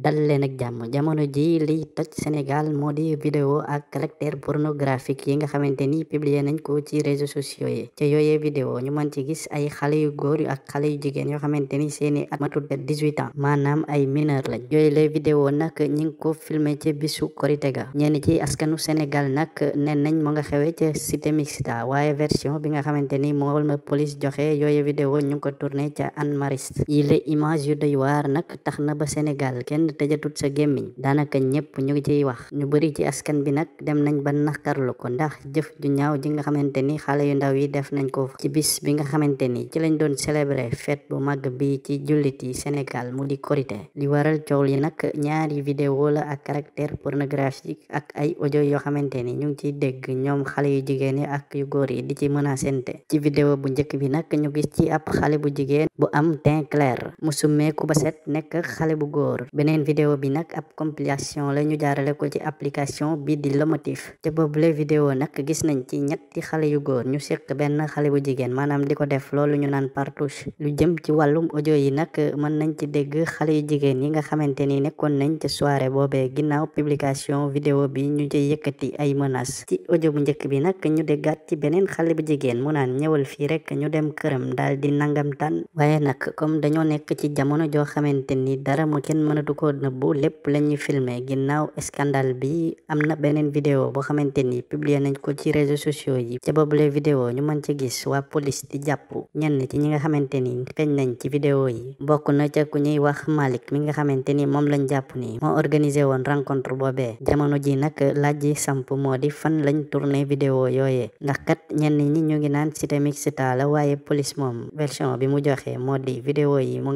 dal leen ak jàmm jamono ji liy toj Sénégal moo di vidéo ak caractère pornographique yi nga xamante ni publier nañ ko ci réseaux sociaux yi ci yooyee vidéo ñu mën ci gis ay xale yu góor yu ak xale yu jigéen yoo xamante ni seeni at matul 18 ans maanaam ay mineur lañ yooyu lay nag ñi ngi ko filmer ci bisu korite ga ñenn ci askanu Sénégal nag nen nañ moo nga xewee ca cité mixta waaye version bi nga xamante ni mool ma police joxe yooye vidéo ñu ngi ko tourné ca Anmariste yi la image yu doy waar nag tax na ba Sénégal kenn bind te jotut sa gémmiñ daanaka ñëpp ñu ngi ciy wax ñu bëri ci askan bi nag dem nañ ba naqarlu ko ndax jëf ju ñaaw ji nga xamante ni xale yu ndaw yi def nañ ko ci bis bi nga xamante ni ci lañ doon célébrer fête bu mag bi ci jullit yi Sénégal mu di korité li waral coow yi nag ñaari vidéo la ak caractère pornographique ak ay ojo yoo xamante ni ñu ngi ciy dégg ñoom xale yu jigéen yi ak yu góor yi di ci menacente ci vidéo bu njëkk bi nag ñu gis ci ab xale bu jigéen bu am teint clair set nekk xale bu beneen vidéo bi nag ab compilation la ñu jaarale ko ci application bi di Lomotif te boobule vidéo nag gis nañ ci ñetti xale yu góor ñu seq benn xale bu jigéen maanaam di ko def loolu ñu naan partouche lu jëm ci wàllum audio yi nag mën nañ ci dégg xale yu jigéen yi nga xamante ni nekkoon nañ ci soirée boobee ginnaaw publication vidéo bi ñu ci yëkkati ay menaces ci audio bu njëkk bi nag ñu déggaat ci beneen xale bu jigéen mu naan ñëwal fii rek ñu dem këram daal di nangam tan waaye nag comme dañoo nekk ci jamono joo xamante dara mu kenn ko nëbbu lépp la ñuy filmer ginnaaw scandale bi am na beneen vidéo boo xamante ni publier nañ ko ci réseaux sociaux yi ca boobule vidéo ñu mën ci gis waa police di jàpp ñenn ci ñi nga xamante ni feeñ nañ ci vidéo yi bokk na ca ku ñuy wax Malick mi nga xamante ni moom lañ jàpp ni moo organisé woon rencontre boobee jamono ji nag laaj ji samp moo di fan lañ tourné vidéo yooye ndax kat ñenn ñi ñu ngi si Cité Mixta la waaye police moom version bi mu joxe moo di yi mu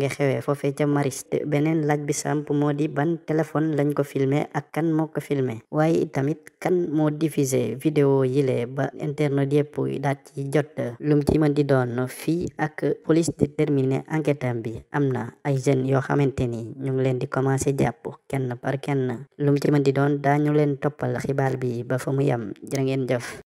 moo di ban téléphone lañ ko filmer ak kan moo ko filmer waaye itamit kan moo diffusé vidéo yile ba internet yëpp daat ci jot lum ci mën di doon fii ak police di terminer enquête bi am na ay jeunes yoo xamante ni ñu ngi leen di commencé jàpp kenn par kenn lum ci mën di doon daañu leen toppal xibaar bi ba fa mu yam jërë ngeen jëf